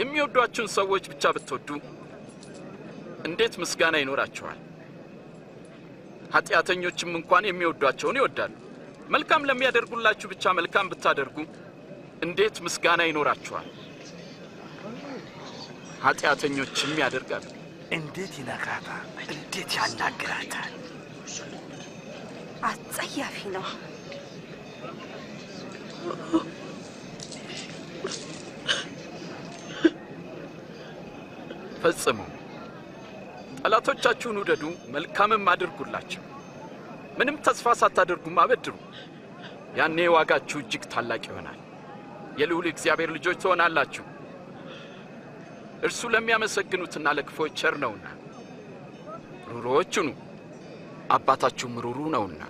የሚወዷችሁን ሰዎች ብቻ ብትወዱ እንዴት ምስጋና ይኖራችኋል? ኃጢአተኞችም እንኳን የሚወዷቸውን ይወዳሉ። መልካም ለሚያደርጉላችሁ ብቻ መልካም ብታደርጉ እንዴት ምስጋና ይኖራችኋል? ኃጢአተኞችም ያደርጋሉ። እንዴት ይነካታል! እንዴት ያናግራታል! አጸያፊ ነው። ፈጽሙ። ጠላቶቻችሁን ውደዱ፣ መልካምም አድርጉላቸው። ምንም ተስፋ ሳታደርጉም አበድሩ። ያኔ ዋጋችሁ እጅግ ታላቅ ይሆናል። የልዑል እግዚአብሔር ልጆች ትሆናላችሁ። እርሱ ለሚያመሰግኑትና ለክፎች ቸር ነውና ሩሮዎች ሁኑ፣ አባታችሁም ሩሩ ነውና።